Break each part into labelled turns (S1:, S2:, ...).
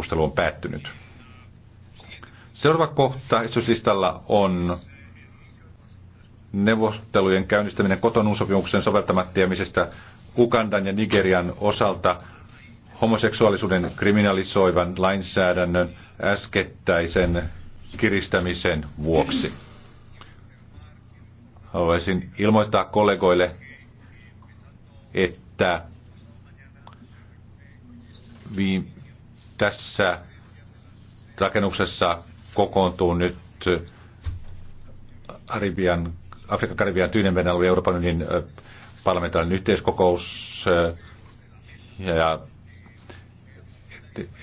S1: Keskustelu on päättynyt. Seuraava kohta esityslistalla on neuvostelujen käynnistäminen kotonuusopimuksen soveltamattiamisesta Ugandan ja Nigerian osalta homoseksuaalisuuden kriminalisoivan lainsäädännön äskettäisen kiristämisen vuoksi. Haluaisin ilmoittaa kollegoille, että tässä rakennuksessa kokoontuu nyt Arabian, Afrikan, Karibian, Tyynenmeren alueen Euroopan unionin parlamentaarinen yhteiskokous ja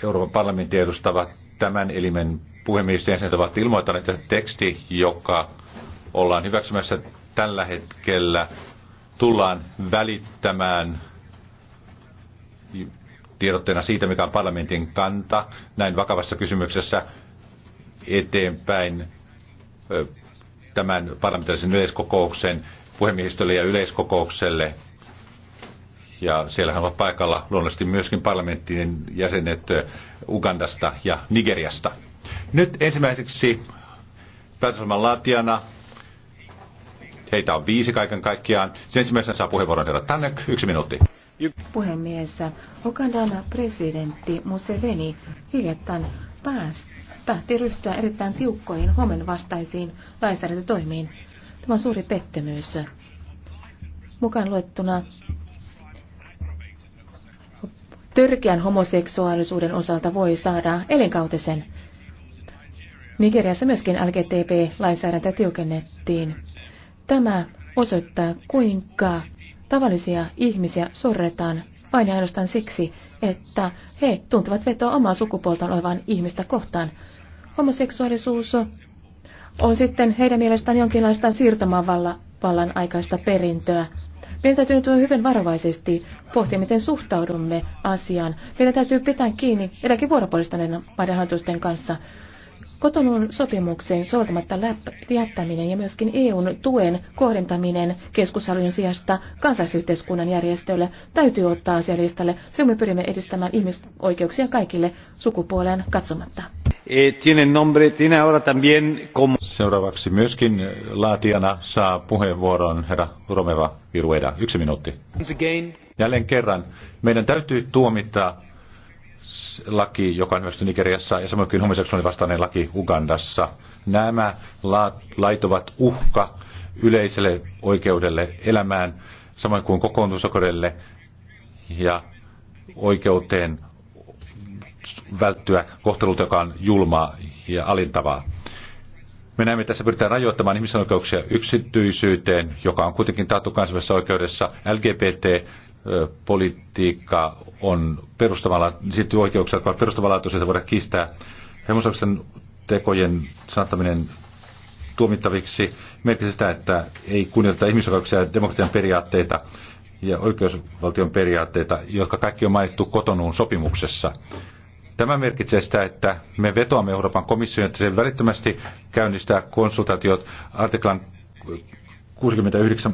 S1: Euroopan parlamentin edustavat tämän elimen puhemiehistön jäsenet ovat ilmoittaneet, että teksti, joka ollaan hyväksymässä tällä hetkellä, tullaan välittämään tiedotteena siitä, mikä on parlamentin kanta näin vakavassa kysymyksessä eteenpäin tämän parlamentaarisen yleiskokouksen puhemiehistölle ja yleiskokoukselle. Ja siellähän ovat paikalla luonnollisesti myöskin parlamenttien jäsenet Ugandasta ja Nigeriasta. Nyt ensimmäiseksi päätösvalman laatijana heitä on viisi kaiken kaikkiaan. Sen ensimmäisenä saa puheenvuoron herra Tannek, yksi minuutti.
S2: Puhemies, Okandan presidentti Museveni hiljattain pääs, päätti ryhtyä erittäin tiukkoihin huomen vastaisiin lainsäädäntötoimiin. Tämä on suuri pettymys. Mukaan luettuna törkeän homoseksuaalisuuden osalta voi saada elinkautisen. Nigeriassa myöskin LGTB-lainsäädäntö tiukennettiin. Tämä osoittaa, kuinka Tavallisia ihmisiä sorretaan vain ja ainoastaan siksi, että he tuntuvat vetoa omaa sukupuoltaan olevan ihmistä kohtaan. Homoseksuaalisuus on sitten heidän mielestään jonkinlaista vallan aikaista perintöä. Meidän täytyy nyt hyvin varovaisesti pohtia, miten suhtaudumme asiaan. Meidän täytyy pitää kiinni edelläkin vuoropuolista näiden maiden hallitusten kanssa. Kotonun sopimukseen soveltamatta jättäminen ja myöskin EUn tuen kohdentaminen keskushallinnon sijasta kansallisyhteiskunnan järjestöille täytyy ottaa asialistalle. Se me pyrimme edistämään ihmisoikeuksia kaikille sukupuoleen katsomatta.
S1: Eh, Seuraavaksi myöskin laatijana saa puheenvuoron herra Romeva Virueda. Yksi minuutti. Jälleen kerran. Meidän täytyy tuomittaa laki, joka on hyväksytty Nigeriassa, ja samoin kuin homoseksuaalinen vastainen laki Ugandassa. Nämä lait ovat uhka yleiselle oikeudelle elämään, samoin kuin kokoontusokodelle ja oikeuteen välttyä kohtelulta, joka on julmaa ja alintavaa. Me näemme, että tässä pyritään rajoittamaan ihmisen oikeuksia yksityisyyteen, joka on kuitenkin taattu kansainvälisessä oikeudessa. LGBT politiikka on perustavalla, sitten oikeuksia, jotka ovat perustavanlaatuisia, voida kiistää. Hemoseksen tekojen saattaminen tuomittaviksi merkitsee sitä, että ei kunnioiteta ihmisoikeuksia ja demokratian periaatteita ja oikeusvaltion periaatteita, jotka kaikki on mainittu kotonuun sopimuksessa. Tämä merkitsee sitä, että me vetoamme Euroopan komissioon, että se välittömästi käynnistää konsultaatiot artiklan 69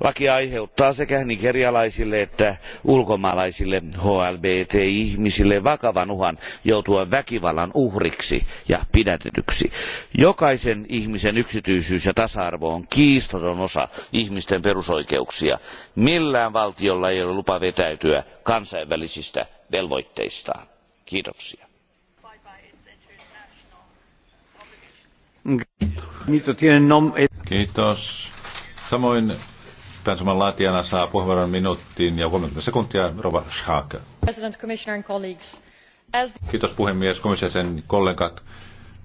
S3: laki aiheuttaa sekä nigerialaisille että ulkomaalaisille hlbt ihmisille vakavan uhan joutua väkivallan uhriksi ja pidätetyksi. jokaisen ihmisen yksityisyys ja tasa arvo on kiistaton osa ihmisten perusoikeuksia. millään valtiolla ei ole lupa vetäytyä kansainvälisistä velvoitteistaan. kiitoksia.
S1: Kiitos. Samoin Pääsuman laatijana saa puheenvuoron minuuttiin ja 30 sekuntia Rova Schaake. Kiitos puhemies, sen kollegat.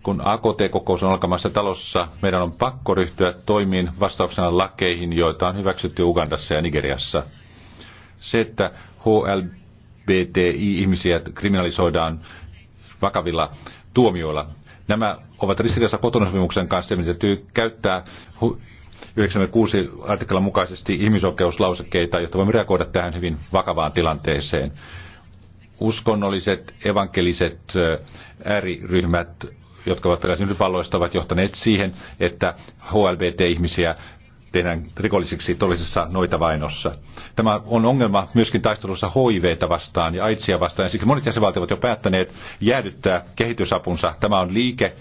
S1: Kun AKT-kokous on alkamassa talossa, meidän on pakko ryhtyä toimiin vastauksena lakeihin, joita on hyväksytty Ugandassa ja Nigeriassa. Se, että HLBTI-ihmisiä kriminalisoidaan vakavilla tuomioilla, nämä ovat ristiriidassa kotonaisuusvimuksen kanssa, ja täytyy käyttää 96 artiklan mukaisesti ihmisoikeuslausekkeita, jotta voimme reagoida tähän hyvin vakavaan tilanteeseen. Uskonnolliset, evankeliset ääriryhmät, jotka ovat peräisin Yhdysvalloista, ovat johtaneet siihen, että HLBT-ihmisiä tehdään rikollisiksi todellisessa vainossa. Tämä on ongelma myöskin taistelussa hiv vastaan ja AIDSia vastaan. Ja siksi monet jäsenvaltiot ovat jo päättäneet jäädyttää kehitysapunsa. Tämä on liike,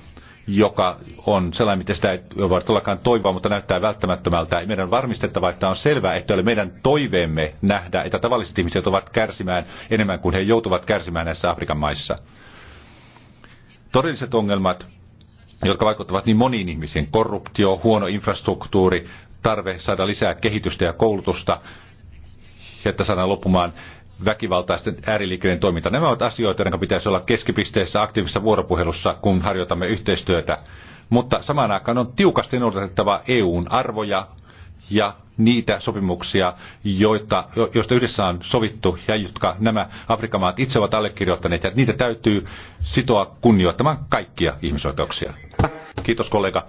S1: joka on sellainen, mitä sitä ei voi todellakaan toivoa, mutta näyttää välttämättömältä. Meidän on varmistettava, että on selvää, että ole meidän toiveemme nähdä, että tavalliset ihmiset ovat kärsimään enemmän kuin he joutuvat kärsimään näissä Afrikan maissa. Todelliset ongelmat, jotka vaikuttavat niin moniin ihmisiin, korruptio, huono infrastruktuuri, tarve saada lisää kehitystä ja koulutusta, että saadaan loppumaan väkivaltaisten ääriliikkeiden toiminta. Nämä ovat asioita, joiden pitäisi olla keskipisteessä aktiivisessa vuoropuhelussa, kun harjoitamme yhteistyötä. Mutta samaan aikaan on tiukasti noudatettava EUn arvoja ja niitä sopimuksia, joita, joista yhdessä on sovittu ja jotka nämä Afrikan maat itse ovat allekirjoittaneet. Ja niitä täytyy sitoa kunnioittamaan kaikkia ihmisoikeuksia. Kiitos kollega.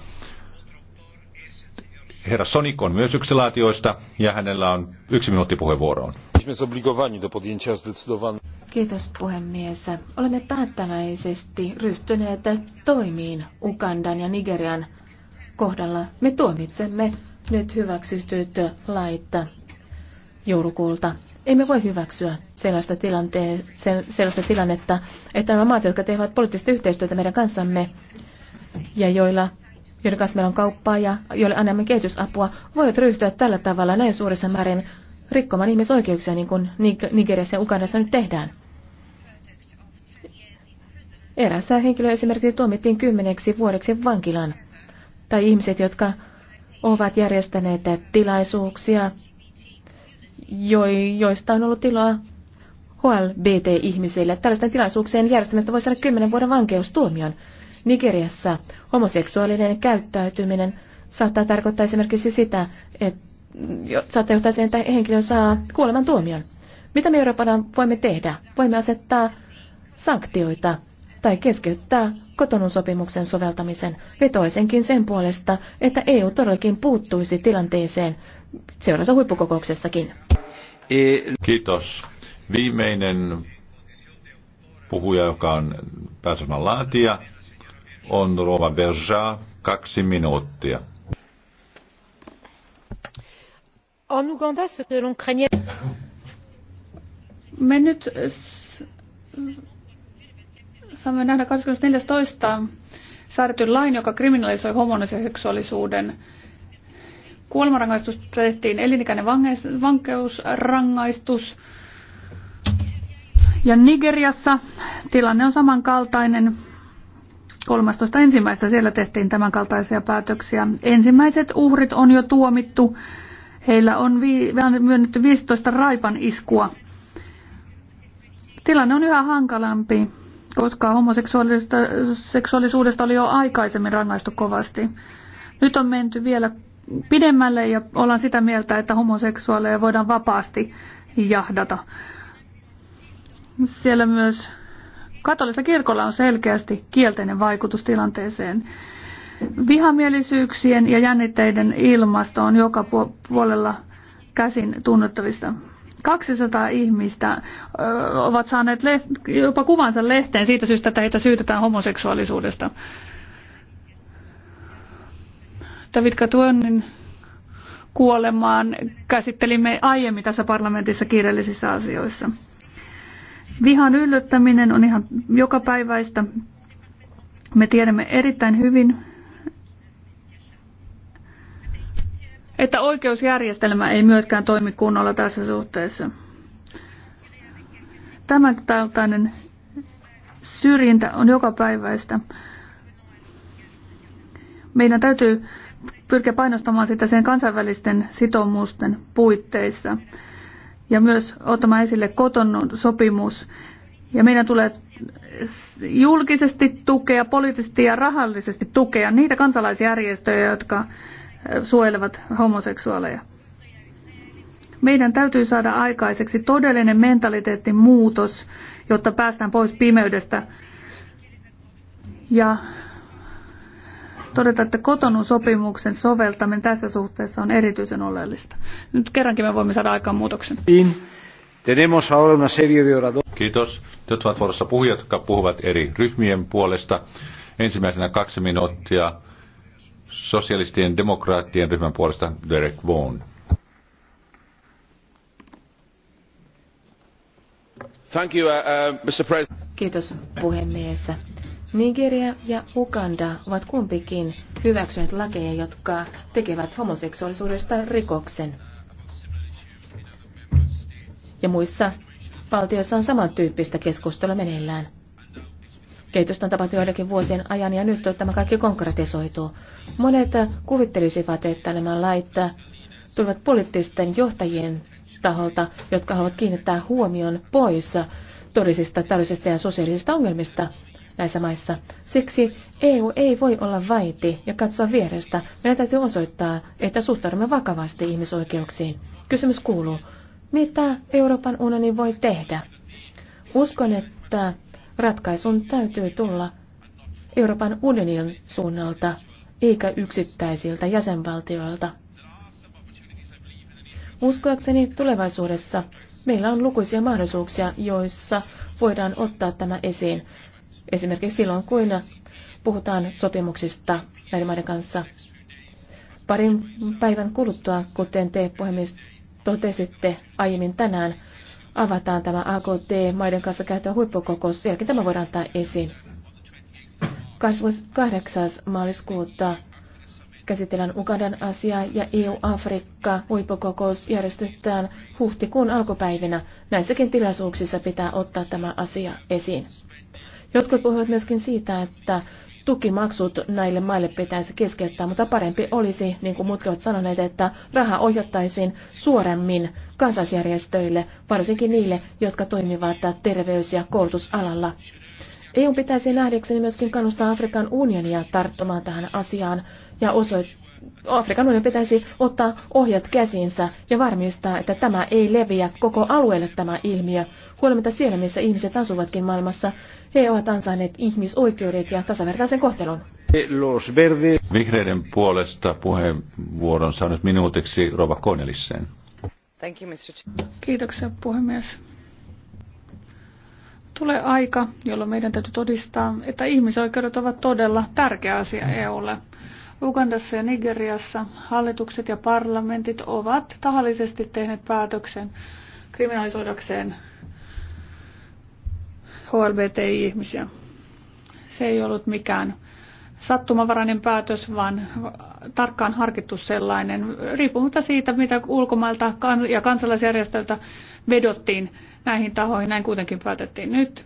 S1: Herra Sonik on myös yksi laatioista ja hänellä on yksi minuutti puheenvuoroon jesteśmy zobligowani do podjęcia zdecydowanych.
S2: Kiitos puhemies. Olemme päättäväisesti ryhtyneet toimiin Ugandan ja Nigerian kohdalla. Me tuomitsemme nyt hyväksytyt lait joulukuulta. Emme voi hyväksyä sellaista, tilanteen, sellaista tilannetta, että nämä maat, jotka tekevät poliittista yhteistyötä meidän kanssamme ja joilla joiden kanssa meillä on kauppaa ja joille annamme kehitysapua, voivat ryhtyä tällä tavalla näin suurissa määrin rikkomaan ihmisoikeuksia, niin kuin Nigeriassa ja Ugandassa nyt tehdään. Erässä henkilö esimerkiksi tuomittiin kymmeneksi vuodeksi vankilaan. Tai ihmiset, jotka ovat järjestäneet tilaisuuksia, joista on ollut tilaa HLBT-ihmisille. Tällaisten tilaisuuksien järjestämistä voi saada kymmenen vuoden vankeustuomion. Nigeriassa homoseksuaalinen käyttäytyminen saattaa tarkoittaa esimerkiksi sitä, että saattaa johtaa siihen, että henkilö saa kuoleman tuomion. Mitä me Euroopana voimme tehdä? Voimme asettaa sanktioita tai keskeyttää kotonun sopimuksen soveltamisen. Vetoisenkin sen puolesta, että EU todellakin puuttuisi tilanteeseen seuraavassa huippukokouksessakin.
S1: E- Kiitos. Viimeinen puhuja, joka on päätösmän laatia, on Rova Berja, kaksi minuuttia.
S4: En Ouganda, ce que l'on craignait... Me saamme nähdä säädetyn lain, joka kriminalisoi homon seksuaalisuuden. Kuolemanrangaistus tehtiin elinikäinen vankeusrangaistus. Ja Nigeriassa tilanne on samankaltainen. 13.1. siellä tehtiin tämänkaltaisia päätöksiä. Ensimmäiset uhrit on jo tuomittu Heillä on myönnetty 15 raipan iskua. Tilanne on yhä hankalampi, koska homoseksuaalisuudesta oli jo aikaisemmin rangaistu kovasti. Nyt on menty vielä pidemmälle ja ollaan sitä mieltä, että homoseksuaaleja voidaan vapaasti jahdata. Siellä myös katolisessa kirkolla on selkeästi kielteinen vaikutus tilanteeseen. Vihamielisyyksien ja jännitteiden ilmasto on joka puolella käsin tunnettavista. 200 ihmistä ö, ovat saaneet leht- jopa kuvansa lehteen siitä syystä, että heitä syytetään homoseksuaalisuudesta. David Katuonin kuolemaan käsittelimme aiemmin tässä parlamentissa kiireellisissä asioissa. Vihan yllyttäminen on ihan jokapäiväistä. Me tiedämme erittäin hyvin, että oikeusjärjestelmä ei myöskään toimi kunnolla tässä suhteessa. Tämän kaltainen syrjintä on joka päiväistä. Meidän täytyy pyrkiä painostamaan sitä sen kansainvälisten sitoumusten puitteissa ja myös ottamaan esille koton sopimus. Ja meidän tulee julkisesti tukea, poliittisesti ja rahallisesti tukea niitä kansalaisjärjestöjä, jotka suojelevat homoseksuaaleja. Meidän täytyy saada aikaiseksi todellinen mentaliteetin muutos, jotta päästään pois pimeydestä. Ja todeta, että kotonun sopimuksen soveltaminen tässä suhteessa on erityisen oleellista. Nyt kerrankin me voimme saada aikaan
S1: muutoksen. Kiitos. Nyt ovat vuorossa puhujat, jotka puhuvat eri ryhmien puolesta. Ensimmäisenä kaksi minuuttia Sosialistien demokraattien ryhmän puolesta Derek Vaughan.
S3: Thank you, uh, uh, Mr. President.
S2: Kiitos puhemies. Nigeria ja Uganda ovat kumpikin hyväksyneet lakeja, jotka tekevät homoseksuaalisuudesta rikoksen. Ja muissa valtioissa on samantyyppistä keskustelua meneillään. Kehitystä on tapahtunut joidenkin vuosien ajan ja nyt tämä kaikki konkretisoituu. Monet kuvittelisivat, että nämä lait tulevat poliittisten johtajien taholta, jotka haluavat kiinnittää huomion pois todellisista taloudellisista ja sosiaalisista ongelmista näissä maissa. Siksi EU ei voi olla vaiti ja katsoa vierestä. Meidän täytyy osoittaa, että suhtaudumme vakavasti ihmisoikeuksiin. Kysymys kuuluu, mitä Euroopan unioni voi tehdä? Uskon, että Ratkaisun täytyy tulla Euroopan unionin suunnalta, eikä yksittäisiltä jäsenvaltioilta. Uskoakseni tulevaisuudessa meillä on lukuisia mahdollisuuksia, joissa voidaan ottaa tämä esiin. Esimerkiksi silloin, kun puhutaan sopimuksista näiden maiden kanssa. Parin päivän kuluttua, kuten te puhemies totesitte aiemmin tänään, avataan tämä AKT-maiden kanssa käytävä huippukokous. Sielläkin tämä voidaan antaa esiin. 28. maaliskuuta käsitellään Ugandan asiaa ja EU-Afrikka huippukokous järjestetään huhtikuun alkupäivinä. Näissäkin tilaisuuksissa pitää ottaa tämä asia esiin. Jotkut puhuvat myöskin siitä, että tukimaksut näille maille pitäisi keskeyttää, mutta parempi olisi, niin kuin muutkin ovat sanoneet, että raha ohjattaisiin suoremmin kansalaisjärjestöille, varsinkin niille, jotka toimivat terveys- ja koulutusalalla. EU pitäisi nähdäkseni myöskin kannustaa Afrikan unionia tarttumaan tähän asiaan ja osoittaa, Afrikan unionin pitäisi ottaa ohjat käsinsä ja varmistaa, että tämä ei leviä koko alueelle tämä ilmiö. Huolimatta siellä, missä ihmiset asuvatkin maailmassa, he ovat ansainneet ihmisoikeudet ja tasavertaisen kohtelun.
S3: Los Verdes.
S1: Vihreiden puolesta puheenvuoron saa nyt minuutiksi Rova Cornelissen.
S3: Thank you, Mr.
S4: Kiitoksia puhemies. Tulee aika, jolloin meidän täytyy todistaa, että ihmisoikeudet ovat todella tärkeä asia EUlle. Ugandassa ja Nigeriassa hallitukset ja parlamentit ovat tahallisesti tehneet päätöksen kriminalisoidakseen HLBTI-ihmisiä. Se ei ollut mikään sattumavarainen päätös, vaan tarkkaan harkittu sellainen, riippumatta siitä, mitä ulkomailta ja kansalaisjärjestöiltä vedottiin näihin tahoihin. Näin kuitenkin päätettiin nyt.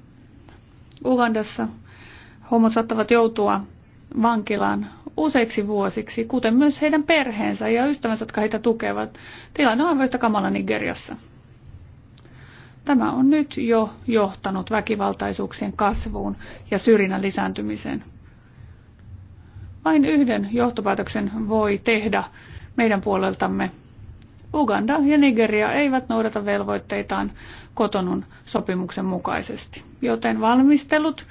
S4: Ugandassa homot saattavat joutua vankilaan useiksi vuosiksi, kuten myös heidän perheensä ja ystävänsä, jotka heitä tukevat. Tilanne on yhtä kamala Nigeriassa. Tämä on nyt jo johtanut väkivaltaisuuksien kasvuun ja syrjinnän lisääntymiseen. Vain yhden johtopäätöksen voi tehdä meidän puoleltamme. Uganda ja Nigeria eivät noudata velvoitteitaan kotonun sopimuksen mukaisesti, joten valmistelut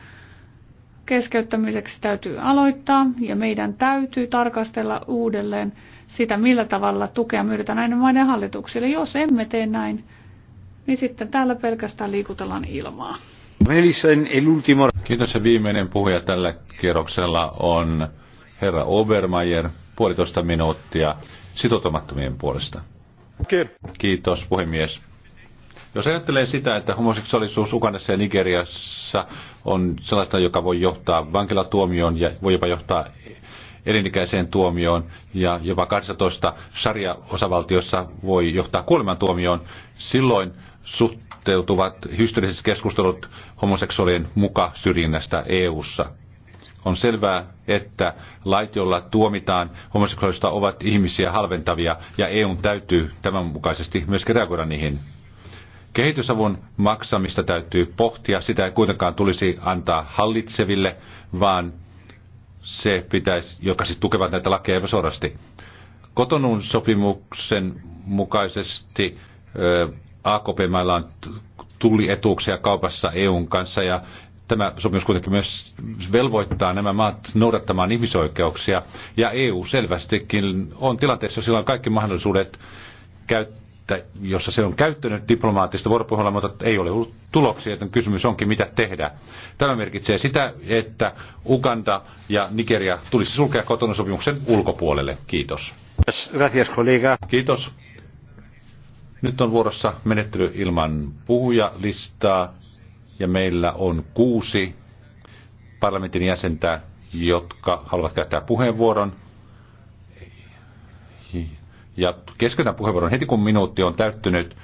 S4: keskeyttämiseksi täytyy aloittaa ja meidän täytyy tarkastella uudelleen sitä, millä tavalla tukea myydetään näiden maiden hallituksille. Jos emme tee näin, niin sitten täällä pelkästään liikutellaan ilmaa.
S1: Kiitos ja viimeinen puhuja tällä kierroksella on herra Obermeier, puolitoista minuuttia sitoutumattomien puolesta. Kiitos puhemies. Jos ajattelee sitä, että homoseksuaalisuus Ugandassa ja Nigeriassa on sellaista, joka voi johtaa vankilatuomioon ja voi jopa johtaa elinikäiseen tuomioon ja jopa 12 sarja-osavaltiossa voi johtaa kuolemantuomioon, silloin suhteutuvat historialliset keskustelut homoseksuaalien muka syrjinnästä EU-ssa. On selvää, että lait, joilla tuomitaan homoseksuaalista, ovat ihmisiä halventavia ja EUn täytyy tämän mukaisesti myöskin reagoida niihin. Kehitysavun maksamista täytyy pohtia. Sitä ei kuitenkaan tulisi antaa hallitseville, vaan se pitäisi, joka siis tukevat näitä lakeja epäsuorasti. Kotonun sopimuksen mukaisesti AKP-mailla on tullietuuksia kaupassa EUn kanssa ja tämä sopimus kuitenkin myös velvoittaa nämä maat noudattamaan ihmisoikeuksia ja EU selvästikin on tilanteessa, jossa sillä on kaikki mahdollisuudet käyttää että jossa se on käyttänyt diplomaattista vuoropuhelua, mutta ei ole ollut tuloksia, joten kysymys onkin, mitä tehdä. Tämä merkitsee sitä, että Uganda ja Nigeria tulisi sulkea kotona sopimuksen ulkopuolelle. Kiitos. Gracias, Kiitos. Nyt on vuorossa menettely ilman puhujalistaa ja meillä on kuusi parlamentin jäsentä, jotka haluavat käyttää puheenvuoron. Ja keskeytän puheenvuoron heti, kun minuutti on täyttynyt.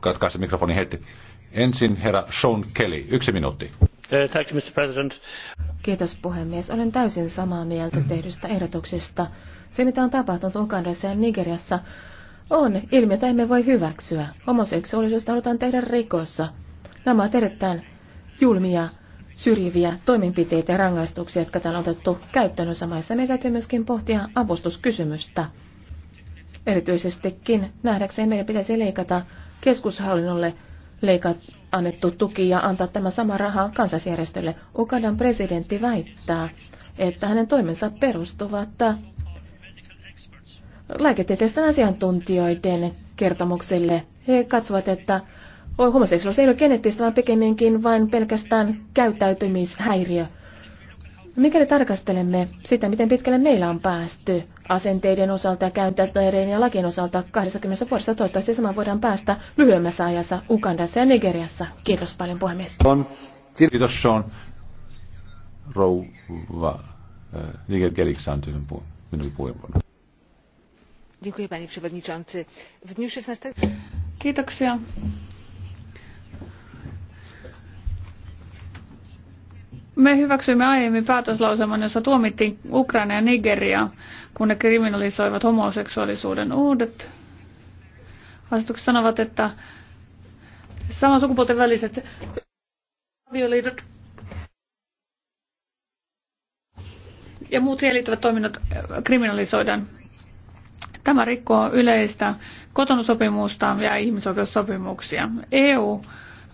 S1: Katkaise mikrofoni heti. Ensin herra Sean Kelly, yksi minuutti. Eh, thank you, Mr. President.
S2: Kiitos puhemies. Olen täysin samaa mieltä tehdystä ehdotuksesta. Se, mitä on tapahtunut Ugandassa ja Nigeriassa, on ilmiö, jota emme voi hyväksyä. Homoseksuaalisuudesta halutaan tehdä rikossa. Nämä ovat erittäin julmia, syrjiviä toimenpiteitä ja rangaistuksia, jotka täällä on otettu käyttöön maissa. Meidän täytyy myöskin pohtia avustuskysymystä. Erityisestikin nähdäkseni meidän pitäisi leikata keskushallinnolle leikat annettu tuki ja antaa tämä sama raha kansasjärjestölle. Ukadan presidentti väittää, että hänen toimensa perustuvat lääketieteisten asiantuntijoiden kertomukselle. He katsovat, että homoseksuaalisuus ei ole geneettistä, vaan pikemminkin vain pelkästään käyttäytymishäiriö. Mikäli tarkastelemme sitä, miten pitkälle meillä on päästy asenteiden osalta ja käyntäteiden ja lakien osalta 20 vuodessa. Toivottavasti sama voidaan päästä lyhyemmässä ajassa Ugandassa ja Nigeriassa. Kiitos paljon puhemies.
S1: Kiitos Sean. Rouva eh, Niger Geliksantynen minun puheenvuoron.
S4: Kiitoksia Me hyväksyimme aiemmin päätöslauselman, jossa tuomittiin Ukraina ja Nigeria, kun ne kriminalisoivat homoseksuaalisuuden uudet. Asetukset sanovat, että saman sukupuolten väliset avioliitot ja muut siihen liittyvät toiminnot kriminalisoidaan. Tämä rikkoo yleistä kotonusopimusta ja ihmisoikeussopimuksia. EU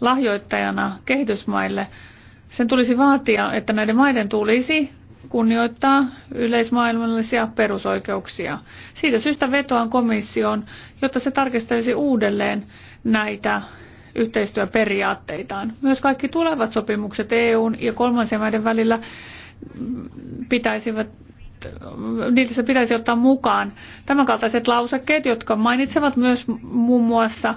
S4: lahjoittajana kehitysmaille sen tulisi vaatia, että näiden maiden tulisi kunnioittaa yleismaailmallisia perusoikeuksia. Siitä syystä vetoan komissioon, jotta se tarkistelisi uudelleen näitä yhteistyöperiaatteitaan. Myös kaikki tulevat sopimukset EUn ja kolmansien maiden välillä pitäisivät se pitäisi ottaa mukaan tämänkaltaiset lausekkeet, jotka mainitsevat myös muun muassa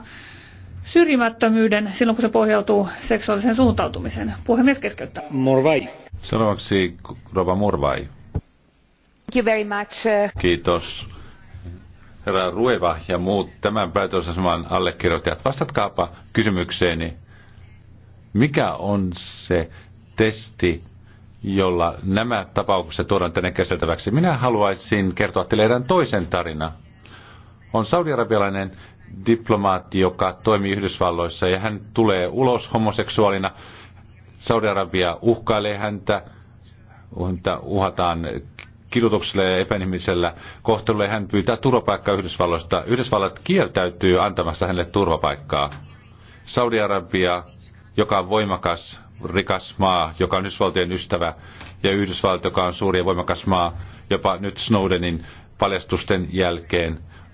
S4: syrjimättömyyden silloin, kun se pohjautuu seksuaaliseen suuntautumiseen. Puhemies keskeyttää.
S3: Morvai.
S1: Seuraavaksi Rova Morvai.
S4: Thank you very
S3: much.
S1: Kiitos. Herra Rueva ja muut tämän päätösaseman allekirjoittajat, vastatkaapa kysymykseeni. Mikä on se testi, jolla nämä tapaukset tuodaan tänne käsiteltäväksi? Minä haluaisin kertoa teille erään toisen tarina. On saudiarabialainen diplomaatti, joka toimii Yhdysvalloissa ja hän tulee ulos homoseksuaalina. Saudi-Arabia uhkailee häntä, häntä uhataan kidutuksella ja epänimisellä kohtelulla ja hän pyytää turvapaikkaa Yhdysvalloista. Yhdysvallat kieltäytyy antamasta hänelle turvapaikkaa. Saudi-Arabia, joka on voimakas, rikas maa, joka on Yhdysvaltojen ystävä, ja Yhdysvallat, joka on suuri ja voimakas maa, jopa nyt Snowdenin paljastusten jälkeen –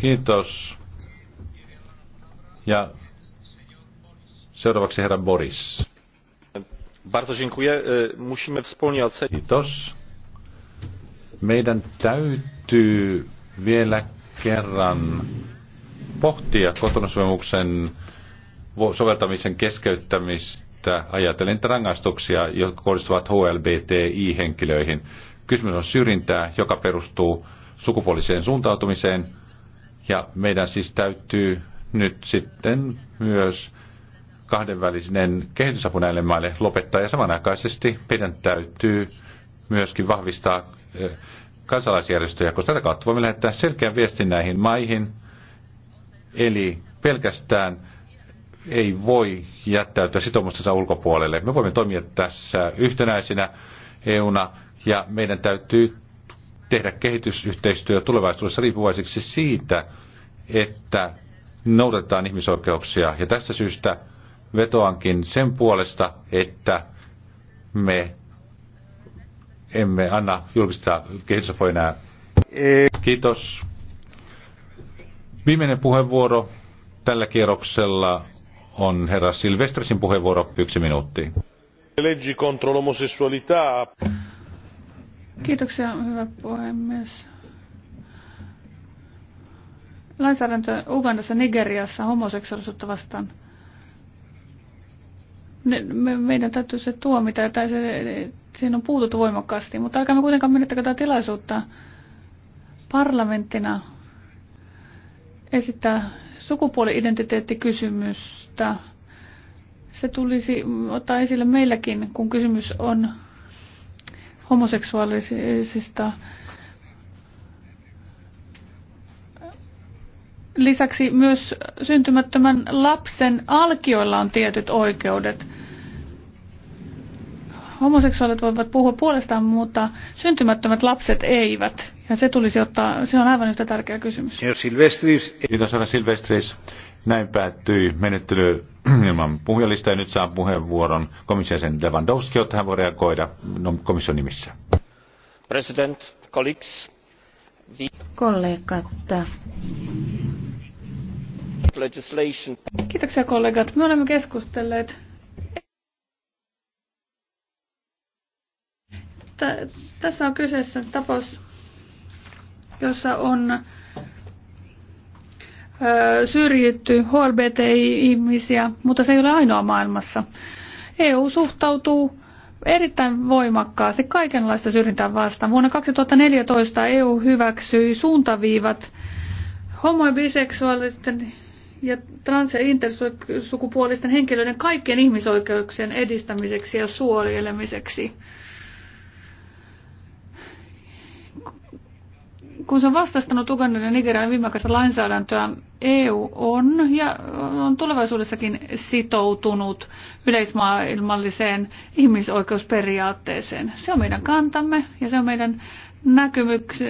S1: Kiitos. Ja seuraavaksi herra Boris. Bardzo dziękuję. Musimy wspólnie ocenić. Kiitos. Meidän täytyy vielä kerran pohtia kotonasopimuksen soveltamisen keskeyttämistä ajatellen rangaistuksia, jotka kohdistuvat HLBTI-henkilöihin. Kysymys on syrjintää, joka perustuu sukupuoliseen suuntautumiseen – ja meidän siis täytyy nyt sitten myös kahdenvälisen kehitysapu näille maille lopettaa. Ja samanaikaisesti meidän täytyy myöskin vahvistaa eh, kansalaisjärjestöjä, koska tätä kautta voimme lähettää selkeän viestin näihin maihin. Eli pelkästään ei voi jättäytyä sitoumustensa ulkopuolelle. Me voimme toimia tässä yhtenäisinä EUna ja meidän täytyy tehdä kehitysyhteistyö tulevaisuudessa riippuvaiseksi siitä, että noudatetaan ihmisoikeuksia. Ja tästä syystä vetoankin sen puolesta, että me emme anna julkista kehitysapua enää. Kiitos. Viimeinen puheenvuoro tällä kierroksella on herra Silvestrisin puheenvuoro, yksi minuutti. Leggi contro l'omosessualità
S4: Kiitoksia, hyvä puhemies. Lainsäädäntö Ugandassa, Nigeriassa homoseksuaalisuutta vastaan. Ne, me, meidän täytyy se tuomita, tai se, siinä on puututtu voimakkaasti, mutta älkää me kuitenkaan menettäkö tätä tilaisuutta parlamenttina esittää sukupuoli-identiteettikysymystä. Se tulisi ottaa esille meilläkin, kun kysymys on homoseksuaalisista. Lisäksi myös syntymättömän lapsen alkioilla on tietyt oikeudet. Homoseksuaalit voivat puhua puolestaan, mutta syntymättömät lapset eivät. Ja se tulisi ottaa, se on aivan yhtä tärkeä kysymys.
S1: Silvestris. Kiitos, Silvestris. Näin päättyi menettely ilman puhujalista ja nyt saa puheenvuoron komission Lewandowski, jotta hän voi reagoida no, komission nimissä.
S3: President, colleagues, the...
S2: Kollegat.
S3: Legislation.
S4: Kiitoksia kollegat. Me olemme keskustelleet tässä on kyseessä tapaus, jossa on syrjitty HLBTI-ihmisiä, mutta se ei ole ainoa maailmassa. EU suhtautuu erittäin voimakkaasti kaikenlaista syrjintää vastaan. Vuonna 2014 EU hyväksyi suuntaviivat homo- ja biseksuaalisten ja trans- ja intersukupuolisten henkilöiden kaikkien ihmisoikeuksien edistämiseksi ja suojelemiseksi. kun se on vastastanut Ugandan ja Nigerian viimeaikaista lainsäädäntöä, EU on ja on tulevaisuudessakin sitoutunut yleismaailmalliseen ihmisoikeusperiaatteeseen. Se on meidän kantamme ja se on meidän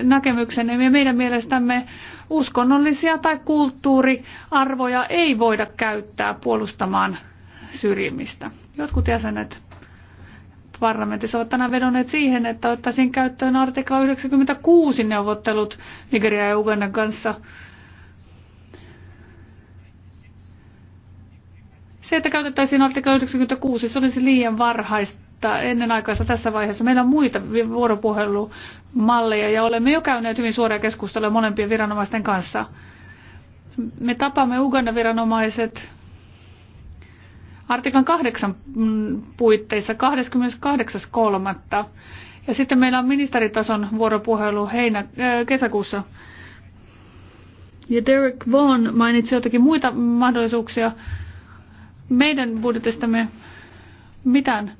S4: näkemyksen Ja meidän mielestämme uskonnollisia tai kulttuuriarvoja ei voida käyttää puolustamaan syrjimistä. Jotkut jäsenet parlamentissa ovat tänään vedonneet siihen, että ottaisiin käyttöön artikla 96 neuvottelut Nigeria ja Ugandan kanssa. Se, että käytettäisiin artikla 96, se olisi liian varhaista ennen aikaista tässä vaiheessa. Meillä on muita vuoropuhelumalleja ja olemme jo käyneet hyvin suoria keskusteluja molempien viranomaisten kanssa. Me tapaamme Ugandan viranomaiset artiklan 8 puitteissa 28.3. Ja sitten meillä on ministeritason vuoropuhelu heinä, äh, kesäkuussa. Ja Derek Vaughan mainitsi jotakin muita mahdollisuuksia. Meidän budjetistamme mitään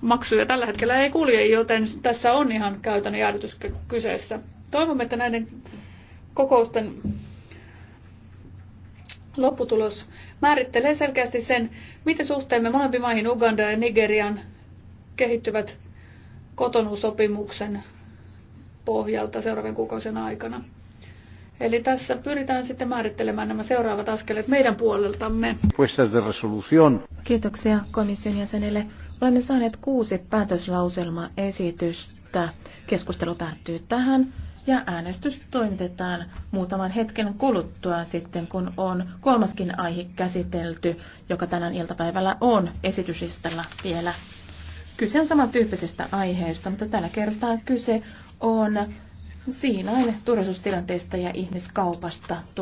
S4: maksuja tällä hetkellä ei kulje, joten tässä on ihan käytännön jäädytys kyseessä. Toivomme, että näiden kokousten lopputulos määrittelee selkeästi sen, miten suhteemme molempiin maihin Uganda ja Nigerian kehittyvät kotonuusopimuksen pohjalta seuraavien kuukausien aikana. Eli tässä pyritään sitten määrittelemään nämä seuraavat askeleet meidän puoleltamme.
S2: Kiitoksia komission jäsenille. Olemme saaneet kuusi päätöslauselmaesitystä. Keskustelu päättyy tähän ja äänestys toimitetaan muutaman hetken kuluttua sitten, kun on kolmaskin aihe käsitelty, joka tänään iltapäivällä on esityslistalla vielä. Kyse on samantyyppisestä aiheesta, mutta tällä kertaa kyse on Siinain turvallisuustilanteesta ja ihmiskaupasta.